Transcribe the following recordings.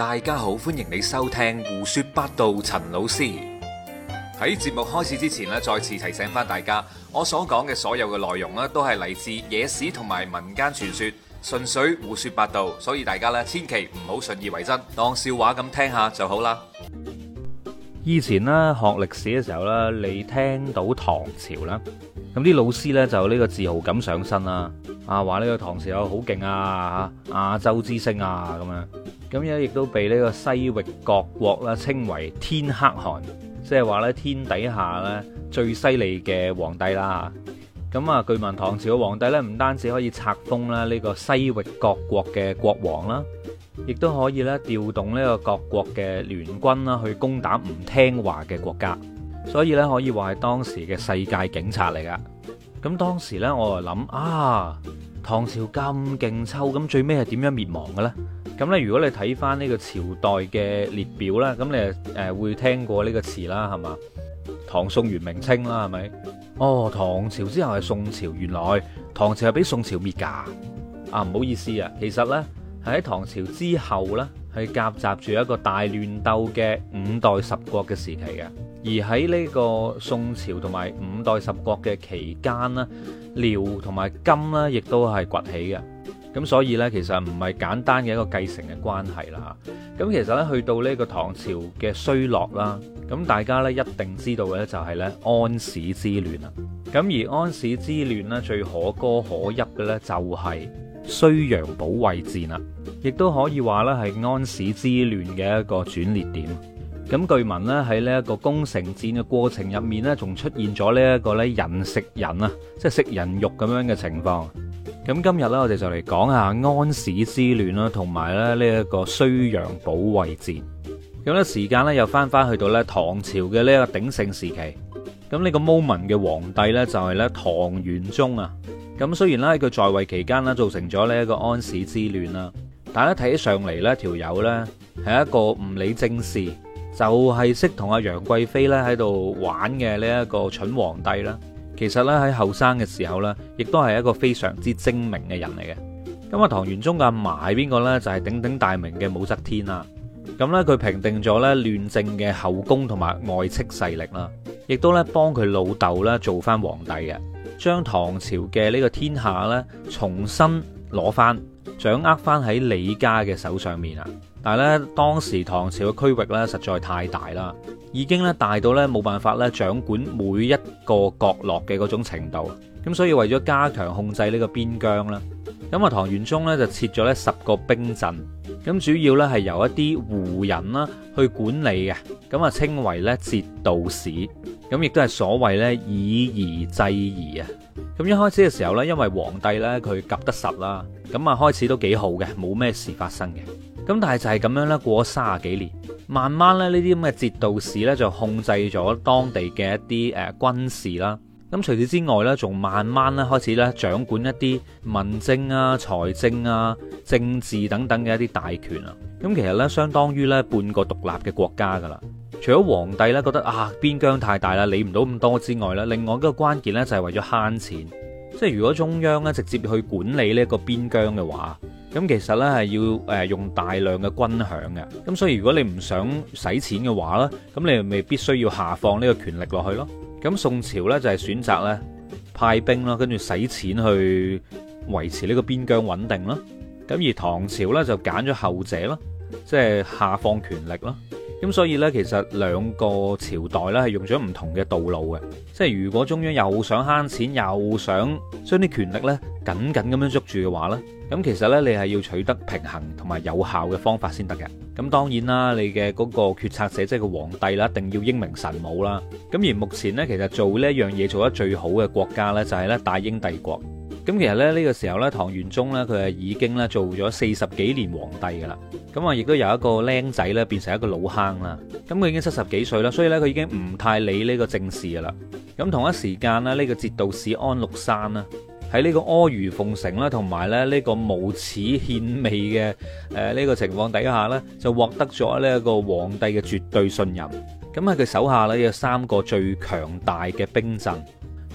大家好，歡迎你收聽胡說八道。陳老師喺節目開始之前咧，再次提醒翻大家，我所講嘅所有嘅內容咧，都係嚟自野史同埋民間傳說，純粹胡說八道，所以大家咧千祈唔好信以為真，當笑話咁聽下就好啦。以前咧學歷史嘅時候咧，你聽到唐朝啦。咁啲老師咧就呢個自豪感上身啦，啊話呢個唐時有好勁啊，亞洲之星啊咁樣，咁亦亦都被呢個西域各國啦稱為天可汗，即係話咧天底下咧最犀利嘅皇帝啦。咁啊據聞唐時嘅皇帝咧唔單止可以冊封啦呢個西域各國嘅國王啦，亦都可以咧調動呢個各國嘅聯軍啦去攻打唔聽話嘅國家。所以咧，可以話係當時嘅世界警察嚟噶。咁當時呢，我就諗啊，唐朝咁勁揪，咁最尾係點樣滅亡嘅咧？咁咧，如果你睇返呢個朝代嘅列表咧，咁你就會聽過呢個詞啦，係嘛？唐宋元明清啦，係咪？哦，唐朝之後係宋朝，原來唐朝係俾宋朝滅噶啊？唔好意思啊，其實呢，係喺唐朝之後呢，係夾雜住一個大亂鬥嘅五代十國嘅時期嘅。而喺呢個宋朝同埋五代十國嘅期間咧，遼同埋金咧，亦都係崛起嘅。咁所以呢，其實唔係簡單嘅一個繼承嘅關係啦。咁其實呢，去到呢個唐朝嘅衰落啦，咁大家呢一定知道嘅呢，就係呢安史之亂啦。咁而安史之亂呢，最可歌可泣嘅呢，就係睢陽保衛戰啦，亦都可以話呢係安史之亂嘅一個轉捩點。咁據聞咧，喺呢一個攻城戰嘅過程入面呢，仲出現咗呢一個咧人食人啊，即係食人肉咁樣嘅情況。咁今日呢，我哋就嚟講下安史之亂啦，同埋咧呢一個睢陽保衛戰。咁呢時間呢，又返返去到呢唐朝嘅呢一個鼎盛時期。咁、這、呢個 moment 嘅皇帝呢，就係呢唐玄宗啊。咁雖然呢，佢在位期間呢，造成咗呢一個安史之亂啦，但係睇起上嚟呢條友呢，係一個唔理政事。就係識同阿楊貴妃咧喺度玩嘅呢一個蠢皇帝啦。其實咧喺後生嘅時候咧，亦都係一個非常之精明嘅人嚟嘅。咁阿唐玄宗嘅阿嫲係邊個咧？就係、是、鼎鼎大名嘅武則天啦。咁呢，佢平定咗咧亂政嘅後宮同埋外戚勢力啦，亦都咧幫佢老豆咧做翻皇帝嘅，將唐朝嘅呢個天下呢重新攞翻，掌握翻喺李家嘅手上面啊！但係咧，當時唐朝嘅區域咧，實在太大啦，已經咧大到咧冇辦法咧掌管每一個角落嘅嗰種程度。咁所以為咗加強控制呢個邊疆啦，咁啊，唐玄宗咧就設咗咧十個兵鎮，咁主要咧係由一啲胡人啦去管理嘅，咁啊稱為咧節度使，咁亦都係所謂咧以夷制夷啊。咁一開始嘅時候咧，因為皇帝咧佢夾得實啦，咁啊開始都幾好嘅，冇咩事發生嘅。咁但係就係咁樣咧，過咗三十幾年，慢慢咧呢啲咁嘅節度使咧就控制咗當地嘅一啲誒軍事啦。咁除此之外呢，仲慢慢咧開始咧掌管一啲民政啊、財政啊、政治等等嘅一啲大權啊。咁其實呢，相當於咧半個獨立嘅國家噶啦。除咗皇帝呢覺得啊邊疆太大啦，理唔到咁多之外呢，另外一個關鍵呢，就係為咗慳錢，即係如果中央呢直接去管理呢個邊疆嘅話。咁其實呢係要誒用大量嘅軍餉嘅，咁所以如果你唔想使錢嘅話呢，咁你咪必須要下放呢個權力落去咯。咁宋朝呢就係選擇呢派兵咯，跟住使錢去維持呢個邊疆穩定咯。咁而唐朝呢，就揀咗後者咯，即係下放權力咯。咁所以呢，其實兩個朝代呢係用咗唔同嘅道路嘅，即係如果中央又想慳錢，又想將啲權力呢緊緊咁樣捉住嘅話呢，咁其實呢，你係要取得平衡同埋有效嘅方法先得嘅。咁當然啦，你嘅嗰個決策者即係個皇帝啦，一定要英明神武啦。咁而目前呢，其實做呢一樣嘢做得最好嘅國家呢，就係呢大英帝國。咁其實咧，呢個時候咧，唐玄宗咧，佢係已經咧做咗四十幾年皇帝噶啦，咁啊，亦都由一個僆仔咧變成一個老坑啦。咁佢已經七十幾歲啦，所以咧，佢已經唔太理呢個政事噶啦。咁同一時間咧，呢個節度使安祿山咧，喺呢個阿諛奉承啦，同埋咧呢個無恥獻媚嘅誒呢個情況底下咧，就獲得咗呢一個皇帝嘅絕對信任。咁喺佢手下咧有三個最強大嘅兵陣。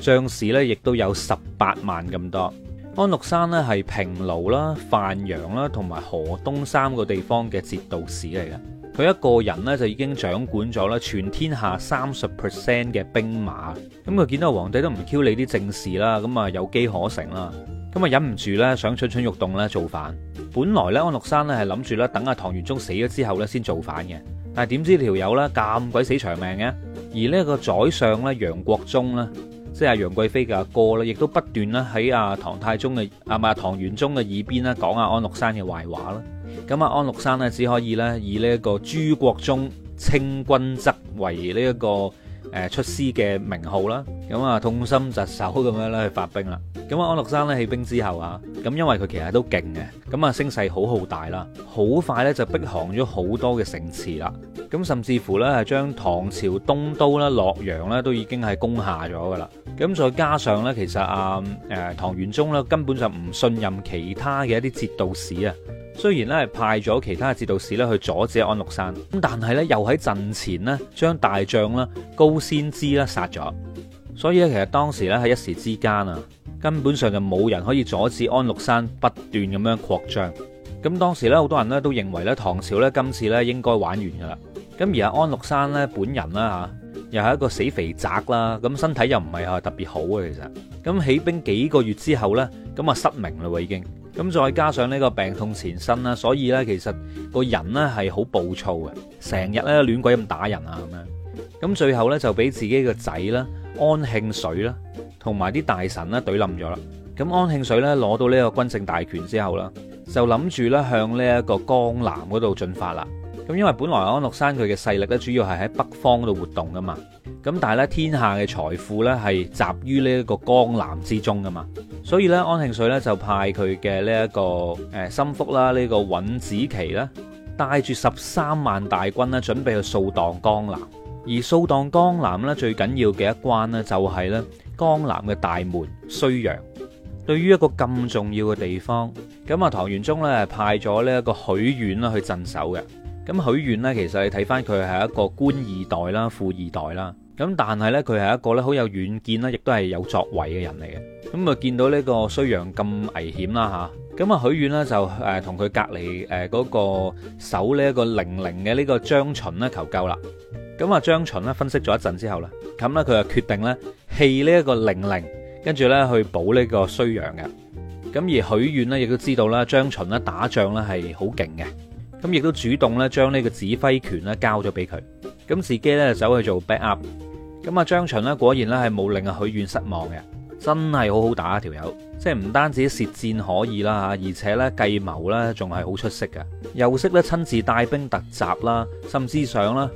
將士咧，亦都有十八萬咁多。安禄山呢係平盧啦、范陽啦同埋河東三個地方嘅節度使嚟嘅。佢一個人呢就已經掌管咗咧全天下三十 percent 嘅兵馬。咁佢見到皇帝都唔 q 你啲政事啦，咁啊有機可乘啦，咁啊忍唔住咧想蠢蠢欲動咧造反。本來咧安禄山呢係諗住咧等阿唐玄宗死咗之後咧先造反嘅，但係點知條友呢，咁鬼死長命嘅。而呢一個宰相咧楊國忠呢。即係楊貴妃嘅阿哥啦，亦都不斷啦喺啊唐太宗嘅，啊唔係唐玄宗嘅耳邊啦講啊安禄山嘅壞話啦，咁啊安禄山咧只可以咧以呢一個朱國忠清君側為呢、這、一個。誒出師嘅名號啦，咁啊痛心疾首咁樣咧去發兵啦。咁啊安祿山呢，起兵之後啊，咁因為佢其實都勁嘅，咁啊聲勢好浩大啦，好快呢就逼降咗好多嘅城池啦。咁甚至乎呢，係將唐朝東都啦洛陽呢都已經係攻下咗噶啦。咁再加上呢，其實啊誒唐玄宗呢，根本就唔信任其他嘅一啲節度使啊。雖然咧係派咗其他嘅節度使咧去阻止安祿山，咁但係咧又喺陣前咧將大將啦高仙芝啦殺咗，所以咧其實當時咧喺一時之間啊，根本上就冇人可以阻止安祿山不斷咁樣擴張。咁當時咧好多人咧都認為咧唐朝咧今次咧應該玩完噶啦。咁而家安祿山咧本人啦嚇，又係一個死肥宅啦，咁身體又唔係係特別好嘅。其實咁起兵幾個月之後咧，咁啊失明嘞喎已經。咁再加上呢個病痛纏身啦，所以呢，其實個人呢係好暴躁嘅，成日呢亂鬼咁打人啊咁樣。咁最後呢，就俾自己個仔啦，安慶水啦，同埋啲大臣啦，懟冧咗啦。咁安慶水呢攞到呢個軍政大權之後呢就諗住呢向呢一個江南嗰度進發啦。咁因為本來安禄山佢嘅勢力呢，主要係喺北方度活動噶嘛。咁但係呢，天下嘅財富呢係集於呢一個江南之中噶嘛。所以咧，安慶緒咧就派佢嘅呢一個誒、欸、心腹啦，呢、這個尹子琪啦，帶住十三萬大軍咧，準備去掃蕩江南。而掃蕩江南咧，最緊要嘅一關呢，就係咧江南嘅大門睢陽。對於一個咁重要嘅地方，咁啊，唐玄宗咧派咗呢一個許遠啦去鎮守嘅。咁許遠呢，其實你睇翻佢係一個官二代啦、富二代啦。咁但係咧，佢係一個咧好有遠見啦，亦都係有作為嘅人嚟嘅。咁啊，見到呢個睢陽咁危險啦吓，咁啊，許遠呢就誒同佢隔離誒嗰個守呢一個寧陵嘅呢個張巡咧求救啦。咁啊張巡咧分析咗一陣之後咧，咁呢佢就決定呢棄呢一個寧陵，跟住呢去補呢個睢陽嘅。咁而許遠呢亦都知道啦，張巡咧打仗咧係好勁嘅，咁亦都主動咧將呢個指揮權咧交咗俾佢，咁自己咧走去做 backup。咁啊張巡咧果然呢係冇令阿許遠失望嘅。真係好好打條、啊、友、這個，即係唔單止舌戰可以啦嚇，而且咧計謀咧仲係好出色嘅，又識咧親自帶兵突襲啦，甚至上啦，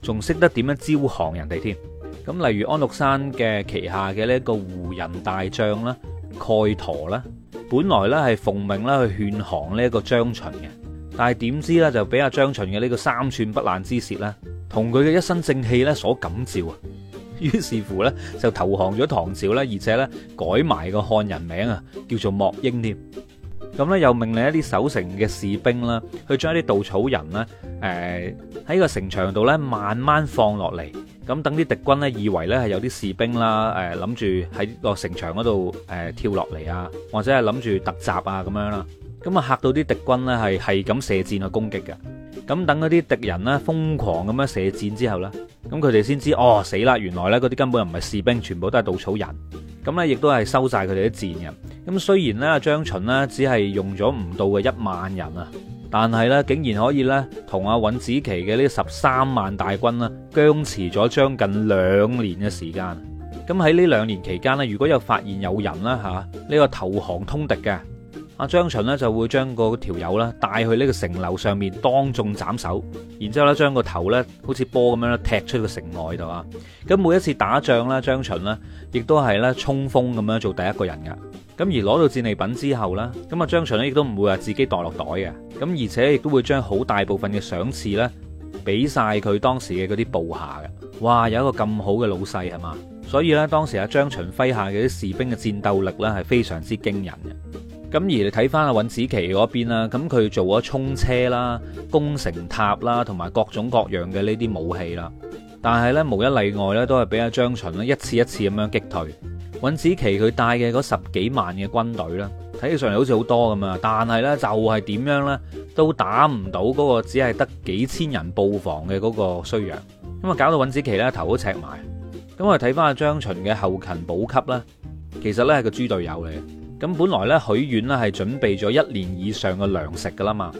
仲識得點樣招降人哋添。咁例如安祿山嘅旗下嘅呢一個胡人大將啦，蓋陀啦，本來咧係奉命啦去勸降呢一個張巡嘅，但係點知咧就俾阿張巡嘅呢個三寸不爛之舌咧，同佢嘅一身正氣咧所感召啊！於是乎咧，就投降咗唐朝啦，而且咧改埋個漢人名啊，叫做莫英添。咁咧又命令一啲守城嘅士兵啦，去將一啲稻草人呢誒喺個城牆度咧慢慢放落嚟。咁等啲敵軍呢，以為呢係有啲士兵啦，誒諗住喺個城牆嗰度誒跳落嚟啊，或者係諗住突襲啊咁樣啦。咁啊嚇到啲敵軍呢係係咁射箭去攻擊嘅。咁等嗰啲敵人咧，瘋狂咁樣射箭之後呢，咁佢哋先知哦死啦！原來呢，嗰啲根本又唔係士兵，全部都係稻草人。咁呢，亦都係收曬佢哋啲箭嘅。咁雖然呢，張巡呢，只係用咗唔到嘅一萬人啊，但係呢，竟然可以呢，同阿尹子奇嘅呢十三萬大軍呢，僵持咗將近兩年嘅時間。咁喺呢兩年期間呢，如果有發現有人啦嚇呢個投降通敵嘅。阿張巡咧就會將個條友啦，帶去呢個城樓上面當眾斬首，然之後咧將個頭咧好似波咁樣踢出個城外度啊。咁每一次打仗咧，張巡咧亦都係咧衝鋒咁樣做第一個人嘅。咁而攞到戰利品之後咧，咁啊張巡咧亦都唔會話自己袋落袋嘅。咁而且亦都會將好大部分嘅賞賜咧俾晒佢當時嘅嗰啲部下嘅。哇，有一個咁好嘅老細係嘛，所以呢，當時阿張巡麾下嘅啲士兵嘅戰鬥力咧係非常之驚人嘅。咁而你睇翻阿尹子奇嗰邊啦，咁佢做咗衝車啦、攻城塔啦，同埋各種各樣嘅呢啲武器啦。但係呢，無一例外呢，都係俾阿張巡咧一次一次咁樣擊退尹子奇佢帶嘅嗰十幾萬嘅軍隊咧，睇起上嚟好似好多咁啊，但係呢，就係、是、點樣呢？都打唔到嗰個只係得幾千人布防嘅嗰個衰弱，咁啊搞到尹子奇呢頭都赤埋。咁我哋睇翻阿張巡嘅後勤補給啦，其實呢係個豬隊友嚟。咁本來咧，許遠咧係準備咗一年以上嘅糧食噶啦嘛，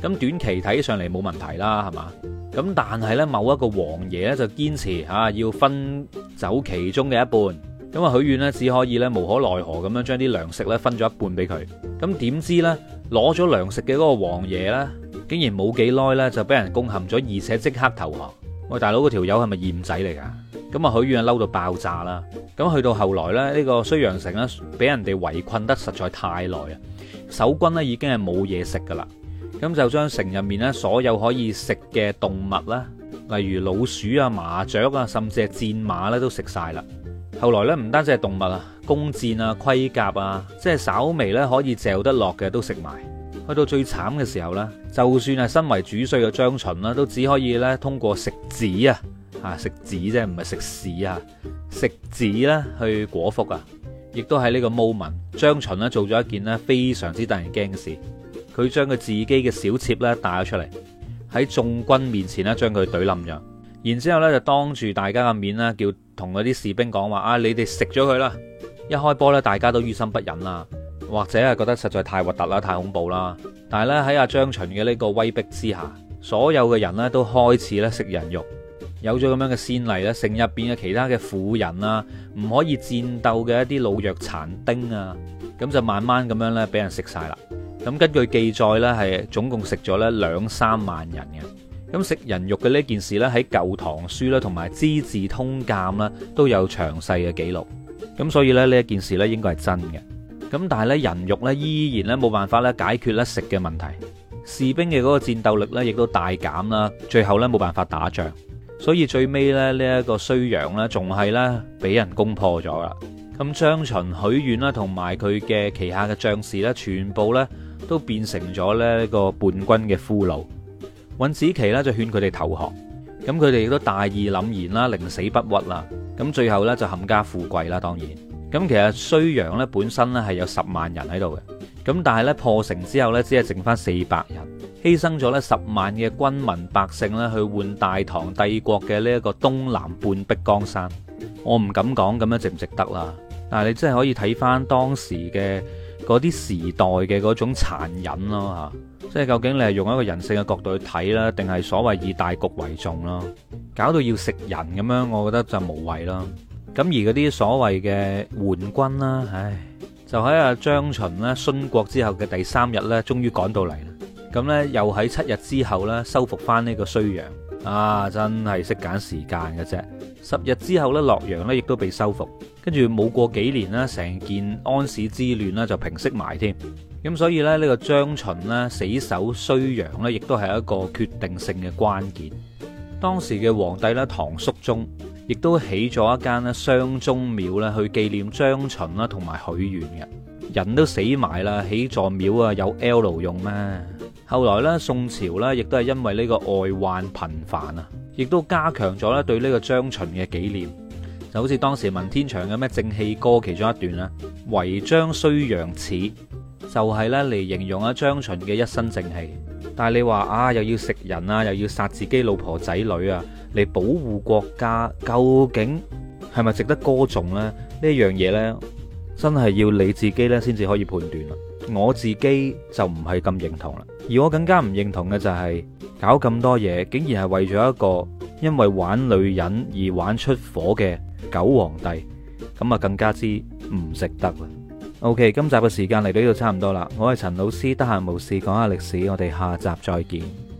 咁短期睇上嚟冇問題啦，係嘛？咁但係咧，某一個王爺咧就堅持吓要分走其中嘅一半，咁啊許遠咧只可以咧無可奈何咁樣將啲糧食咧分咗一半俾佢。咁點知呢？攞咗糧食嘅嗰個王爺咧，竟然冇幾耐呢就俾人攻陷咗，而且即刻投降。喂，大佬嗰條友係咪嫌仔嚟㗎？咁啊，許遠嬲到爆炸啦！咁去到後來咧，呢個睢陽城呢，俾人哋圍困得實在太耐啊，守軍呢已經係冇嘢食噶啦，咁就將城入面呢所有可以食嘅動物啦，例如老鼠啊、麻雀啊，甚至係戰馬咧都食晒啦。後來呢，唔單止係動物啊，弓箭啊、盔甲啊，即係稍微呢可以嚼得落嘅都食埋。去到最慘嘅時候呢，就算係身為主帥嘅張巡啦，都只可以呢通過食紙啊。啊！食紙啫，唔係食屎啊！食紙咧，去果腹啊！亦都喺呢個 moment。張巡呢，做咗一件咧非常之得人驚嘅事。佢將佢自己嘅小妾咧帶咗出嚟喺眾軍面前呢將佢懟冧咗。然之後呢，就當住大家嘅面咧，叫同嗰啲士兵講話啊！你哋食咗佢啦！一開波呢，大家都於心不忍啦，或者係覺得實在太核突啦，太恐怖啦。但係咧喺阿張巡嘅呢個威逼之下，所有嘅人呢都開始咧食人肉。有咗咁樣嘅先例咧，城入邊嘅其他嘅婦人啦，唔可以戰鬥嘅一啲老弱殘丁啊，咁就慢慢咁樣呢俾人食晒啦。咁根據記載呢，係總共食咗呢兩三萬人嘅。咁食人肉嘅呢件事呢，喺舊唐書呢同埋資治通鑑呢都有詳細嘅記錄。咁所以咧呢一件事呢應該係真嘅。咁但係呢，人肉呢依然呢冇辦法咧解決呢食嘅問題，士兵嘅嗰個戰鬥力呢亦都大減啦，最後呢冇辦法打仗。所以最尾咧，呢、這、一個睢陽呢，仲係呢，俾人攻破咗啦。咁張巡、許遠啦，同埋佢嘅旗下嘅將士呢，全部呢，都變成咗呢個叛軍嘅俘虜。尹子奇呢，就勸佢哋投降，咁佢哋亦都大義凜然啦，寧死不屈啦。咁最後呢，就冚家富貴啦，當然。咁其實睢陽呢，本身呢，係有十萬人喺度嘅，咁但係呢，破城之後呢，只係剩翻四百人。犧牲咗咧十萬嘅軍民百姓咧，去換大唐帝國嘅呢一個東南半壁江山。我唔敢講咁樣值唔值得啦。但係你真係可以睇翻當時嘅嗰啲時代嘅嗰種殘忍咯吓。即係究竟你係用一個人性嘅角度去睇啦，定係所謂以大局為重啦？搞到要食人咁樣，我覺得就無謂啦。咁而嗰啲所謂嘅援軍啦，唉，就喺阿張巡啦，殉國之後嘅第三日咧，終於趕到嚟。咁呢，又喺七日之後呢，收復翻呢個睢陽啊！真係識揀時間嘅啫。十日之後呢，洛陽呢亦都被收復。跟住冇過幾年呢，成件安史之亂呢就平息埋添。咁所以呢，呢、這個張巡呢，死守睢陽呢，亦都係一個決定性嘅關鍵。當時嘅皇帝咧，唐肅宗亦都起咗一間咧雙忠廟咧，去紀念張巡啦同埋許遠嘅。人都死埋啦，起座廟啊有 L 用咩？後來咧，宋朝咧亦都係因為呢個外患頻繁啊，亦都加強咗咧對呢個張巡嘅紀念，就好似當時文天祥嘅咩《正氣歌》其中一段啦，為張睢陽齒，就係咧嚟，形容啊張巡嘅一身正氣。但係你話啊，又要食人啊，又要殺自己老婆仔女啊，嚟保護國家，究竟係咪值得歌頌咧？呢樣嘢咧，真係要你自己咧先至可以判斷啦。我自己就唔係咁認同啦，而我更加唔認同嘅就係搞咁多嘢，竟然係為咗一個因為玩女人而玩出火嘅狗皇帝，咁啊更加之唔值得啦。OK，今集嘅時間嚟到呢度差唔多啦，我係陳老師，得閒無事講下歷史，我哋下集再見。